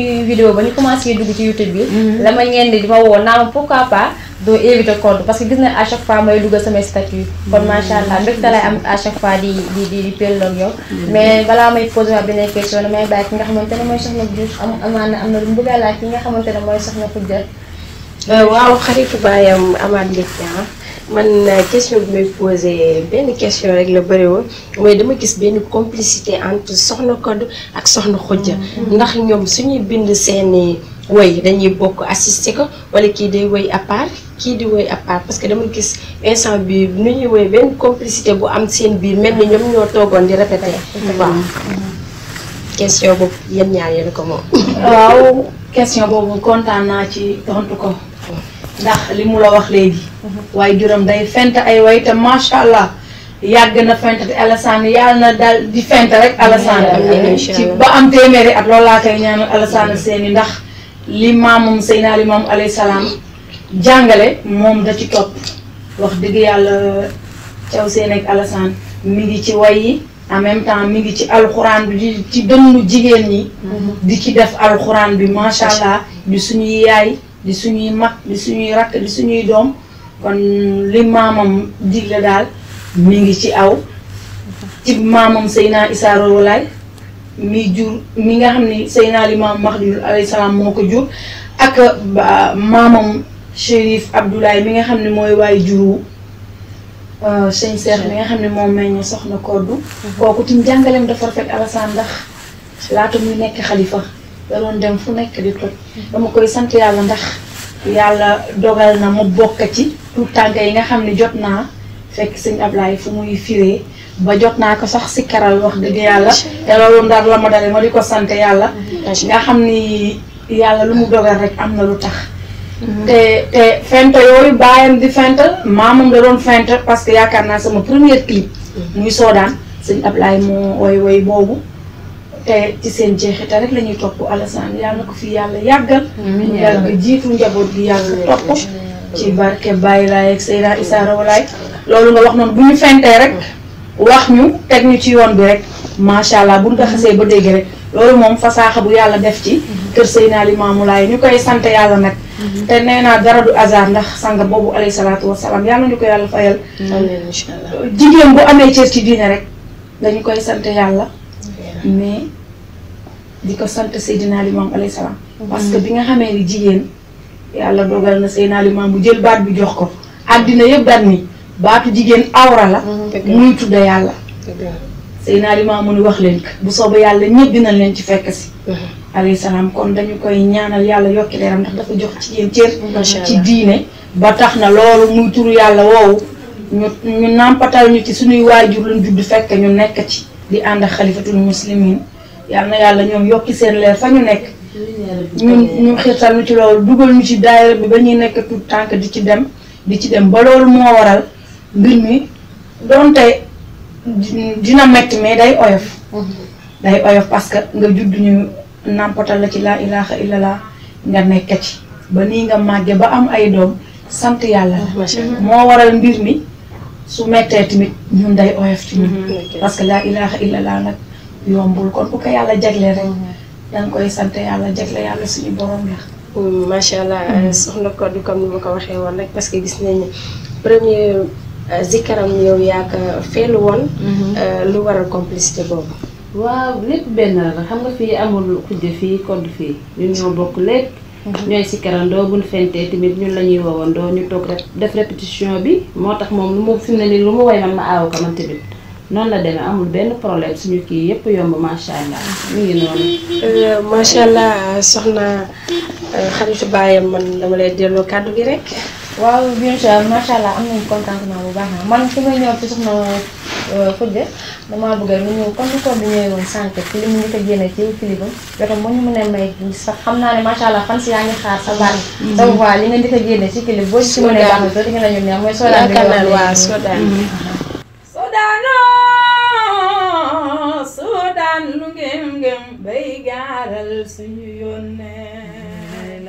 vidéo ba ñu commencé dugg ci YouTube bi mhm. la ma ñenn di ma woo naa ma pourquoi pas doo éviter compte parce que gis na à chaque fois may duggal samay statut kon macha allah mhm. mbégte lay am à chaque fois di di di di pelloog yow mhm. mais balaa may posé waa beneen question damay bàyyi ki nga xamante ne mooy soxna Diouf am amaana am na lu mu bëgg a ki nga xamante ne mooy soxna Khoudia euh, waaw xaritu baayam amaat Diouf man question bi may posé benn question rek la bëri mooy dama gis benn complicité entre soxna Codou ak soxna Khoudia. Mm-hmm. ndax ñoom suñuy bind seeni woy dañuy bokk assisté ko wala kii day woy à part kii di woy à part parce que dama gis instant bi nu ñuy woy benn complicité bu am seen biir mel ni ñoom ñoo toogoon di répété. waaw mm-hmm. question boobu yéen ñaar yéen ko moom. waaw question boobu kontaan naa ci tontu ko. ndax li mu la wax léegi. Mhm. waaye juróom day fent ay way te macha allah yàgg na fent te Alassane yàlla na daal di fent rek. Alassane ci ba am téeméeri at loolu laa koy ñaanal Alassane seeni ndax li maamum Seydina li maam alayhi salaam jàngale moom da ci topp wax dëgg yàlla caw seen ak Alassane mi ngi ci way yi en même temps mi ngi ci alxuraan bi ci dënnu jigéen ñi. Mhm. di ci def alxuraan bi macha allah di suñuy yaay. di suñuy mag di suñuy rakk di suñuy doom kon li maamam digle daal mi ngi ci aw ci maamam Seydina Issa Rohou mi jur mi nga xam ni Seydina Limaamu Mahdi alayhi salaam moo ko jur ak maamam Chérif Abdoulaye mi nga xam ne mooy waay juru euh, sëñ Cheikh mi nga xam ne moom meññ soxna Koddu mhm. kooku tim jàngaleem dafa rafet Alassane ndax laata muy nekk xalifa da dem fu nekk di toj dama koy sant yàlla ndax yàlla dogal na mu bokk ci tout tànk yi nga xam ne jot naa fekk sëñ Ablaye fu muy firee ba jot naa ko sax si karal wax dëgg yàlla te loolu ndar la ma dale ma ko sant yàlla nga xam ni yàlla lu mu dogal rek am na lu tax mhm. te te fent yooyu bàyyam di fent maamam da doon fent parce que yaakaar naa sama premier clip mhm. muy soodaan sëñ Ablaye moo woy woy boobu te ci seen jeexita rek la ñuy topp Alassane yàlla na ko fi yàlla yàggal. mu yàgg jiitu njaboot gi yàlla topp. ci barke Baye Laye ak Seyda Issa Rawalaay loolu nga wax noonu bu ñu fentee rek. wax ñu teg ñu ci yoon bi rek macha allah buñ ko xasee ba dégg loolu moom fasaaxa bu yàlla def ci. kër Seydina Limaamu Laay ñu koy sant yàlla nag. nee naa dara du hasard ndax sanga boobu alayhi salaatu wa salaam yàlla ñu ko yàlla fayal. amiin incha jigéen bu amee cër ci diine rek dañu koy sante yàlla. mais di ko sant Seydina Limam alayhi salaam. parce que bi nga xamee ni jigéen yàlla dogal na Seydina Limam bu jël baat bi jox ko. addina yëpp daal ni baatu jigéen awra la. Mm-hmm. muy tudda yàlla. Seydina Limam mu ni wax leen ko bu soobee yàlla ñëpp dinañ leen ci fekk si. Mm-hmm. alayhi salaam kon dañu koy ñaanal yàlla yokki leeram ndax dafa jox ci yéen cër ci diine ba tax na loolu muy turu yàlla woowu ñu ñu nàmpatal ñu ci suñuy waajur luñ judd fekk ñu nekk ci di ànd ak xalifatul muslimin yal na yàlla ñoom yokki seen leer fa ñu nekk ñun ñu xiirtal ñu ci loolu dugal ñu ci daayira bi ba ñuy nekk tout tànk di ci dem di ci dem ba loolu moo waral mbir mi doonte dina metti mais day oyof day oyof parce que nga judd ñu nàmpatal la ci laa ilaha illallah nga nekk ci ba nii nga màggee ba am ay doom sant yàlla moo waral mbir mi su mettee tamit ñun day oyof ci mm-hmm. parce que laa ilaha illallah nag yombul kon bu ko yàlla jagle rek danga mm-hmm. koy sant yàlla jagle yàlla suñu borom la macha mm, allah mm-hmm. eh, soxna Codou comme ni ma ko waxee woon rek parce que gis nañu premier eh, zikaram yow yaa ko feelu woon eh, lu waral complicité boobu waaw lépp benn la xam nga fii amul xujj fii Codou fii ñu ñoo bokk lépp Mhm. ñooy sikkarandoo buñ fentee tamit ñun la ñuy woowandoo ñu toog rek def répétition bi moo tax moom lu mu fi mu ne nii lu mu woy man ma aaw man tamit noonu la demee amul benn problème suñu kii yëpp yomb macha allah mi ngi noonu. Euh, macha allah soxna euh, xaritu baayam man dama lay delloo kàddu gi rek. waaw bien sûr macha allah am nañu contentement bu baax man fi may ñëw ci soxna. Khoudia euh, damaa bëgg nu ñu comme ni ñëwee woon sànq ci li mu ko génne ci clip am jotam ñu mën a may sax xam naa ne macha allah fan si yaa ngi xaar sa baat sa voix li nga di ko génne ci clip boo si mën a baax nga Soodaan lu ngëm ngëm bay gaaral suñu yónnee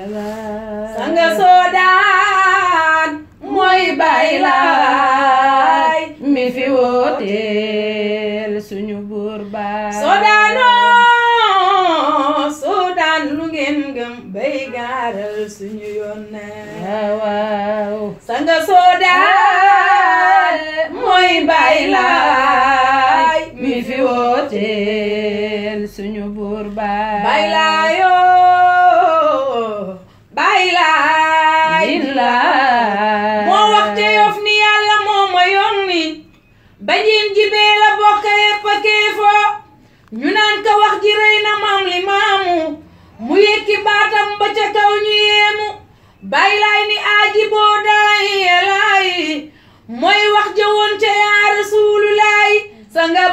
sanga Soodaan bajeen ji bee la bokk yépp keefoo ñu naan ka wax ji rëy na maam li mu yëkki baatam ba ca kaw ñu yéemu bàyyi laay ni aaji boo daay laay mooy wax jëwoon ca yaa rasuulu laay sa nga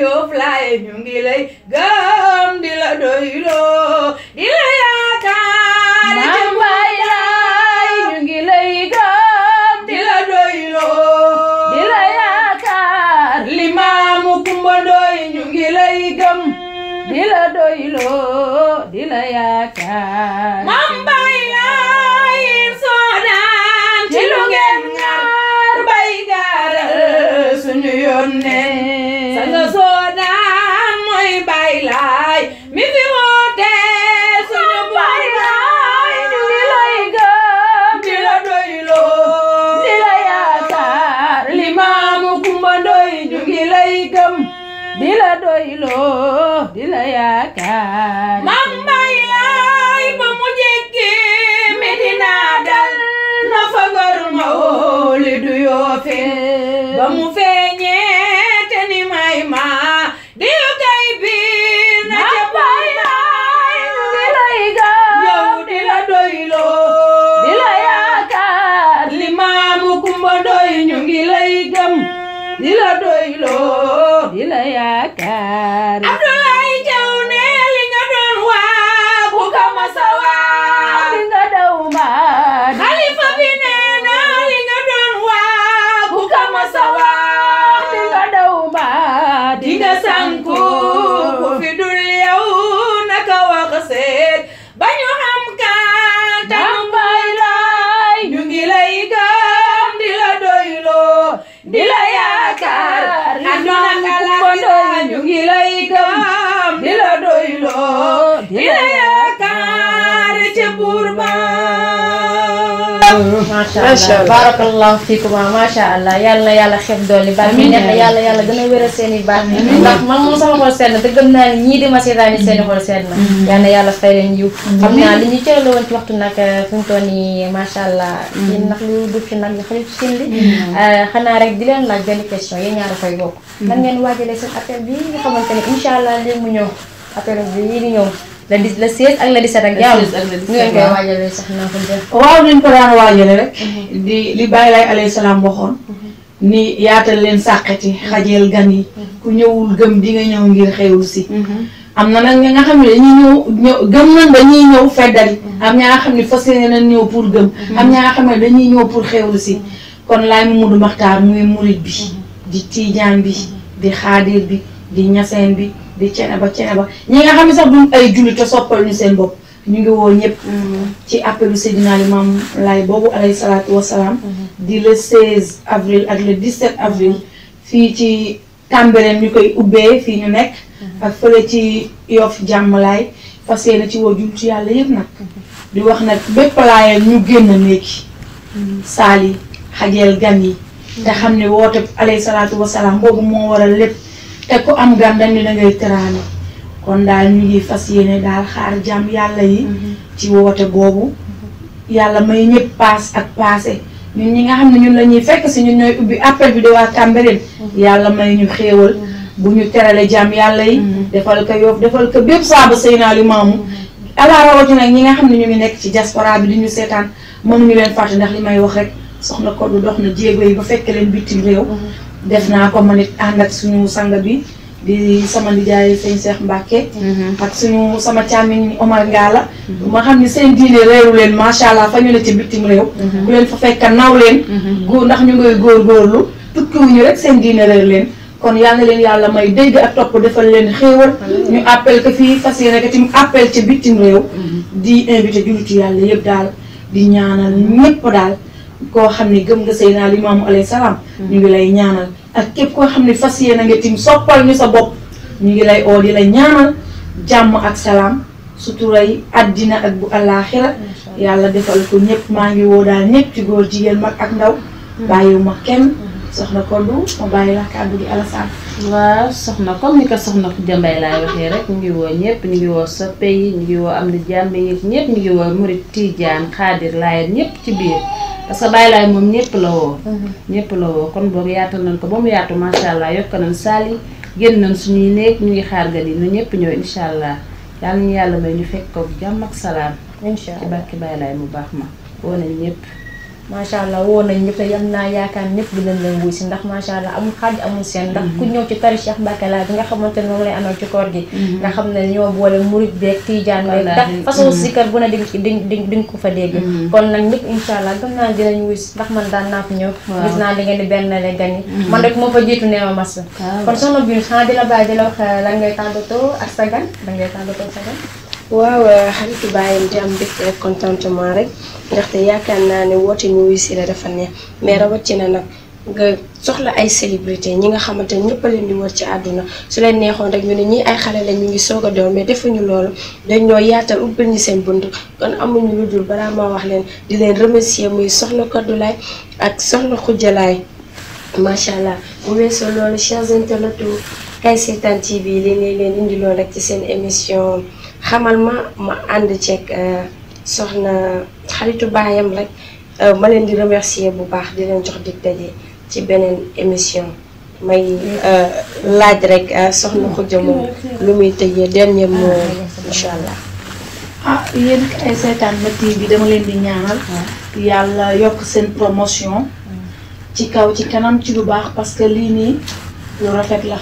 yoof laay ñu ngi lay gëm di la doyloo di la yaakaar di la doyloo di la yaakaar di la doyloo di la yaakaar. di la yaakaar macha allah barakallahu fiikum ah, macha allah yàlla na yàlla xeeb doole baax mi neex yàlla yàlla gën a a seen i baax ndax man moom sama xol seen na te gëm a ne ñii di ma seetaani seen i xol seen na yàlla na yàlla fay leen yiw xam naa nag eh, fi mu toll ci nag ñu xalit ci li eh, xanaa rek di leen laaj benn question yi ñaar koy bokk nan ngeen waajalee seen appel bi nga xamante ne allah léegi mu ñëw appel bi yii di ñëw la di la 16 ak la 17 ak jàll. waaw nañ ko daan waajale rek. Mhm. di li bàyyi laay salaam waxoon. Mhm. ni yaatal leen sàqati mhm. xajeel gan yi. ku ñëwul gëm bi nga ñëw ngir xewul si. am na nag ñi nga xam ne dañuy ñëw ñëw gëm nañ dañuy ñëw feddali. am ñaa xam ne fas yéene nañ ñëw pour gëm. am ñaa nga xam ne dañuy ñëw pour xewlu si. kon laay Mamadou Maxtaar muy murit bi. di tiijaan bi di xaadir bi di ñaseen bi. di cene ba cene ba ñi nga xam ne sax duñ ay julli te soppal ñu seen bopp ñu ngi woon ñëpp. Mm-hmm. ci appelu Seydina Limam Laay boobu alayhi salaatu wasalaam mm-hmm. di le 16 avril ak di 17 avril. fii ci Cambérène ñu koy ubbee fii ñu nekk. Mm-hmm. ak fële ci Yoff jàmm laay fas yéene ci woo jullit yàlla yëpp nag. di wax nag bépp laayal ñu génn néegi. saal yi xajeel gan yi. nga xam ne woote alayhi salaatu wasalaam boobu moo waral lépp. te ku am gan dañu da kon daal ñu ngi fas yéene daal xaar jàmm yàlla yi mhm. ci woote boobu yàlla may ñëpp paas ak paase ñun ñi nga xam ne ñun la ñuy fekk si ñun ñooy ubbi appel bi di waa Cambérène mhm. yàlla may ñu xéewal mhm. bu ñu terale jàmm yàlla yi defal ko Yoff defal ko bépp saaba Seynaa Limaamu ala rawatina nag ñi nga xam ne ñu ngi nekk ci diaspora bi di ñu seetaan mënuñu leen fàtte ndax li may wax rek soxna Kodou dox na jéego yi ba fekk leen bitim réew def naa ko man it ànd ak suñu sang bi di sama nijaay sëñ Cheikh Mbacke. Mhm. ak suñu sama càmmiñ Omar Ngala. ma xam ne seen diine réewu leen macha allah fa ñu ne ca bitim réew. Mhm. ku leen fa fekk naw leen. Mhm. góor ndax ñu ngay góorgóorlu tukkiwuñu rek seen diine réew leen. kon yaa leen yàlla may dégg ak topp defal leen xéewal ñu appel ko fii fas yéene ko tamit appel ci bitim réew. di invité jullitu yàlla yëpp daal di ñaanal ñëpp daal. koo xam ne gëm nga Seydina Limaamu alayhi salaam mm-hmm. ñu ngi lay ñaanal ak képp koo xam ne fas yéene nga tim soppal ñu sa bopp ñu ngi lay oo di la ñaanal jàmm ak salaam suturay àddina ak bu àllaaxira yàlla defal ko ñëpp maa ngi woo daal ñëpp góor jigéen mag ak ndaw mm-hmm. bàyyiwuma kenn mm-hmm. soxna Kodou ma bàyyi la kàddu gi Alassane waaw soxna ni ko soxna Khoudia Mbaye laay waxee rek ñu ngi woo ñëpp ñu ngi woo soppe yi ñu ngi woo am di jàmbe yi ñëpp ñu ngi woo murit Tijaan Xaadir Laayeen ñëpp ci biir parce que laay moom ñëpp la woo. Mhm. ñëpp la woo kon boog yaatal nañ ko ba mu yaatu macha allah yokk nañ saal yi génn nañ suñuy néeg ñu ngi xaar gan yi na ñëpp ñëw incha allah yal nañu yàlla may ñu fekk ko jàmm ak salaam. incha allah ci barke bàyyi laay mu baax ma woo nañ ñëpp. macha allah woo nañ ñëpp te am naa yaakaar ñëpp dinañ leen wuy si ndax macha allah amul xaaj amul seen ndax ku ñëw ci tari Cheikh Mbacké Laye bi nga xamante ne moom lay amal ci koor gi mm-hmm. nga xam ne ñoo boole murit beeg tijaan beeg ndax façon mm-hmm. sikkar bu ne di ko fa dégg mm-hmm. kon nag ñëpp incha allah gëm naa dinañ wuy si ndax man daan naa fi ñëw gis naa li ngeen di benn le gani man rek moo fa jiitu nee ma mas la bàyyi di la wax euh, lan ngay tàggatoo ak sa gan lan ngay tàggatoo waaw eh, xaritu bàyyi di am mbégte ak contentement rek ndaxte yaakaar naa ne woote ñu wuy si la dafa neex mais na nag nga soxla ay célébrité ñi nga xamante ñëpp a leen di wër ci àdduna su leen neexoon rek ñu ne ñii ay xale la ñu ngi soog a mais defuñu loolu dañ ñoo yaatal ubbil ñu seen bunt kon amuñu lu balaa ma wax leen di leen remercier muy soxna Koddulaay ak soxna Xujalaay macha allah bu weesoo loolu chers internautes Kay Seetaan TV lii leen leen rek ci seen émission. xamal ma ma ànd ceeg euh, soxna xaritu baayam rek euh, ma leen di remercier bu baax di leen jox dig daje ci beneen émission may euh, laaj rek soxna Khoudia moom lu muy tëjee dernier mot incha allah. ah yéen ay seetaan ma TV bi dama leen di ñaanal. yàlla yokk seen promotion. ci kaw ci kanam ci lu baax parce que lii nii lu rafet la.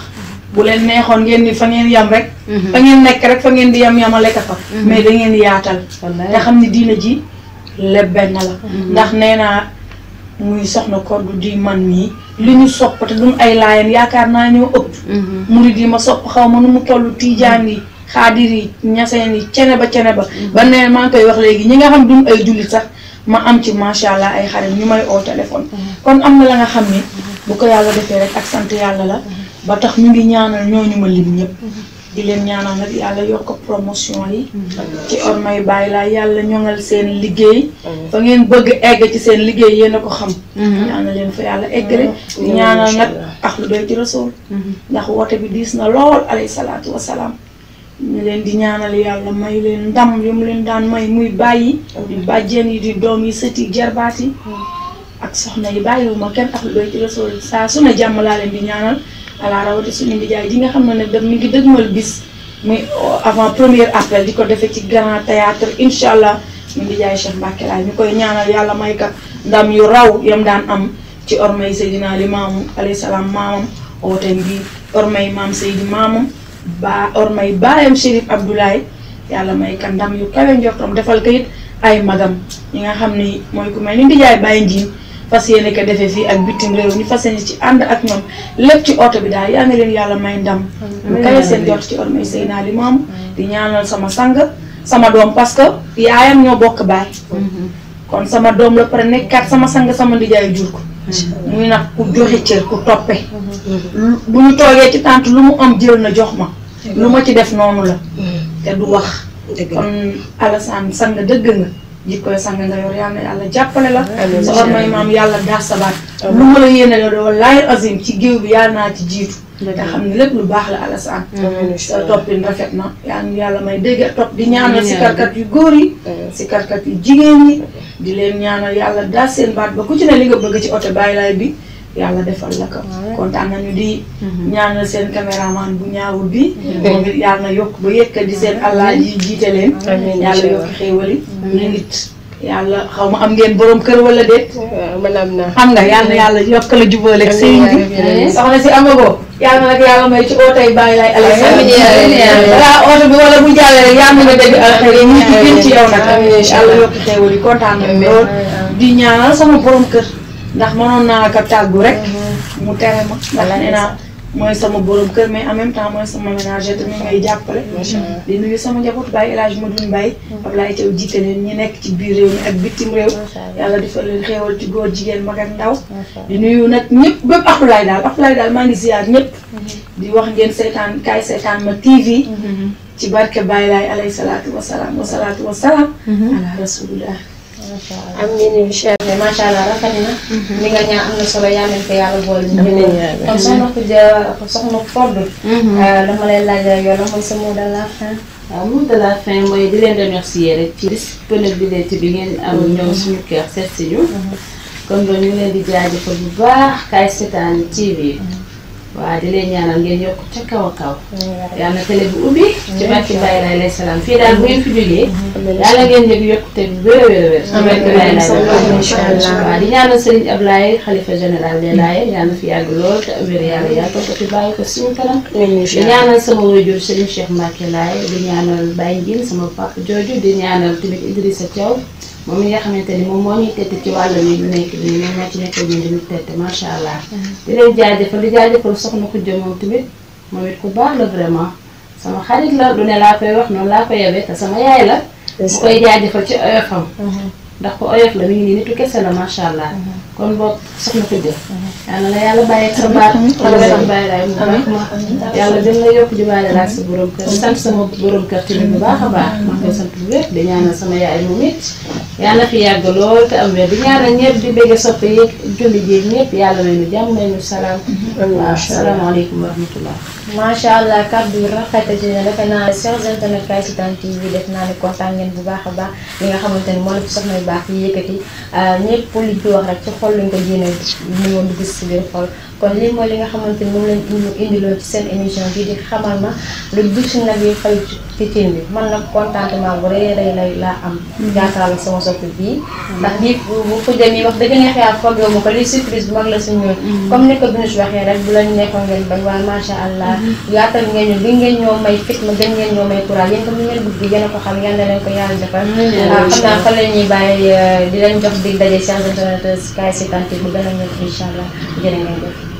bu leen neexoon ngeen ni fa ngeen yam rek. fa ngeen nekk rek fa ngeen di yam yamaleka fa mhm. mais da ngeen di yaatal nga xam ne diina ji lépp benn la mhm. ndax nee naa muy soxna kor Koddu di man nii li ñu sopp te duñ ay laayeen yaakaar naa ñoo ëpp mhm. murid yi ma sopp xaw ma nu mu toll tiijaan yi xaadir yi ñaseen yi cene ba cene ba ba nee maa ngi koy wax léegi ñi nga xam duñ ay jullit sax ma am ci macha allah ay xarit ñu may oo téléphone kon am na la nga xam ni bu ko yàlla defee rek ak sant yàlla la ba tax ñu ngi di leen ñaanal nag yàlla yokk promotion yi. ci ormay bàyyi laa yàlla ñoŋal seen liggéey. fa ngeen bëgg egg ci seen liggéey yéen a ko xam. ñaanal mhm. leen fa yàlla egg mhm. eggale. Mhm. ñaanal nag ak lu doy ci rasool. ndax woote bi diis na lool alayhi salaatu wa ñu leen di ñaanal yàlla may leen ndam yu mu leen daan may muy bàyyi. di bàjjeen yi di doom yi sëti jarbaat yi. ak soxna yi bàyyiwuma kenn ak lu doy ci Rasoul saa su ne jàmm laa leen di ñaanal ala rawati suñu nijaay ji nga xam ne nag mi ngi dëgmal bis muy avant premier appel di ko defee ci grand théâtre incha allah ñu ngi jaay Cheikh ñu koy ñaanal yàlla may ka ndam yu raw yam daan am ci ormay Seydina Limaamu alayhi salaam maamam wooteem bi ormay maam Seydi maamam ba ormay baayam Chérif Abdoulaye yàlla may ka ndam yu kawe njortam defal ko ay magam ñi nga xam ni mooy ku mel fas yéene ko defee fii ak bitim réew ñu fas yéene ci ànd ak ñoom lépp ci oto bi daal yaa ngi leen yàlla may ndam lu kawe seen jot ci ormay Seydina Limaamu di ñaanal sama sang sama doom parce que yaayam ñoo bokk baay mhm. kon sama doom la pare nekkaat sama sang sama ndijaay jur ko muy nag ku joxe cër ku toppe mhm. bu ñu toogee ci tànt lu mu am jël na jox ma lu ma ci def noonu la mhm. te du wax kon Alassane sang dëgg nga jikkoy sang nga yor yal na yàlla jàppale la sa ormay maam yàlla daas sa baat lu ma la yéene la doo laay azim ci géew bi yal naa ci jiitu te xam ne lépp lu baax la alasaan sa toppin rafet na yal yàlla may dégg topp di ñaanal si karkat yu góor yi si karkat yu jigéen yi di leen ñaanal yàlla daas seen baat ba ku ne li nga bëgg ci oto bàyyi laay bi yàlla defal la ko. kontaan nañu di. Mhm. ñaanal seen caméraman bu ñaawul bi. Mhm. moom yàlla na yokk ba yëkkat di mhm. seen allah ji jiite leen. yàlla yokk xéewali. ñu nit yàlla xaw ma am ngeen borom kër wala déet. man am na nga yàlla yàlla yokk la sa ak sëriñ bi. soxna si amagoo. yàlla nag yàlla may ci ootay bàyyi laay alay wala ooto bi wala bu jàllee rek yàlla nga dégg alxer yi ñu ci gën ci yow nag. yàlla yokk xéewal kontaan nañu lool di ñaanal sama borom kër. ndax mënoon naa ko tàggu rek. Mhm. mu tere ma ndax nee naa mooy sama borom kër mais en même temps mooy sama ménager tamit may jàppale. di nuyu sama njaboot Baye El Hadj Madoune Baye. Mhm. Ablaye Thiaw jiite leen ñi nekk ci biir réew mi ak bitim réew. yàlla defal leen xéewal ci góor jigéen mag ak di nuyu nag ñëpp bépp Akulay daal Akulay daal maa ngi ziar ñëpp. Mhm. di wax ngeen seetaan kaay seetaan ma TV. ci barke Baye Laay alayhi salaatu wa salaam wa salaatu wa am nañu incha allah macha allah rafet na. li mhm. nga ñaan am na solo yaa ko yàlla boole. amiin amiin kon soxna Koudia soxna Fodou. Mhm. Euh, dama lay laaj yow la sa mot de la fin. waaw mot de la fin mooy di leen remercier rek ci disponibilité bi ngeen am mhm. ñoom suñu kër seet ñu. kon loolu ñu leen di jaajëfal bu baax Kaay Setaan TV. waaw di leen ñaanal ngeen yokk ca kaw a kaw. Mm-hmm. yàlla na télé bi ubbi. Mm-hmm. ci barke Baye lay salaam fii daal bu ngeen fi jógee. Mm-hmm. yàlla ngeen yëg yokkute xalifa général des Laye yàlla na fi yàgg lool te am wér yàlla yàlla ko di ñaanal sama wajur Serigne Cheikh Mbacke Laye di ñaanal Baye Ndiine sama papa jooju di ñaanal tamit Idrissa Thiaw. moom mi nga xamante ni moom moo ñuy tette ci wàll wi ñu nekk nii moom moo ci nekk ñu di ñu tette macha allah. Mm-hmm. di leen jaajëfal di jaajëfal soxna Koudia moom tamit moom it ku baax la vraiment sama xarit la du ne laa koy wax noonu laa koy yebee te sama yaay la. bu koy jaajëfal ci oyofam. Mm-hmm. ndax ko oyof la mi ngi nii nitu kese la macha allah. Mm-hmm. kon boog soxna ko jëf. yàlla la yàlla bàyyi sa baat. yàlla la yàlla bàyyi laay mu baax ma. yàlla gën la yokk di bàyyi laaj sa borom kër. di sant sama borom kër tamit bu baax a baax. maa ngi koy sant bu wér di ñaanal sama yaay moom it. yàlla fi yàgg lool te am wér di ñaanal ñëpp di bëgg soppe yeeg julli ji ñëpp yàlla may nu jàmm may nu salaam. Mm-hmm. waaw salaamaaleykum wa rahmatullah. macha allah kàddu yi rafetati na defe naa ne chers internet Kaysitaan TV def naa ne kontaan ngeen bu baax a baax li nga xamante ni moo la fi soxna yu baax yi yëkkati euh, ñëpp pour li ci wax rek ci xol lañ ko jéem a ñëwoon di gis si biir xol. kon lii mooy li nga xamante ni moom lañ indiloon ci seen émission bi di xamal ma lu dugg si nag yi xëy ci tiin bi man nag contentement bu rëy rëy lay laa am. jaakaar mm-hmm. la sama sotti bii ndax bii bu ko demee wax dëgg neex yaa foogee ma ko li surprise bu mag la si ñun mm-hmm. comme ni ko Binouche waxee rek bu lañ nekkoon ngeen bañ waaye macha allah mm-hmm. yaatal ngeen ñu gën ngeen ñoo may fit ma gën ngeen ñoo may courage yéen ko mu ngeen bëgg yéen a ko xam yal na leen ko yàlla defal waaw mm-hmm. ah, xam naa fa la bàyyi euh, di leen jox dig daje si internet kaay si bu gën a ñëw incha allah jërë ngeen jëf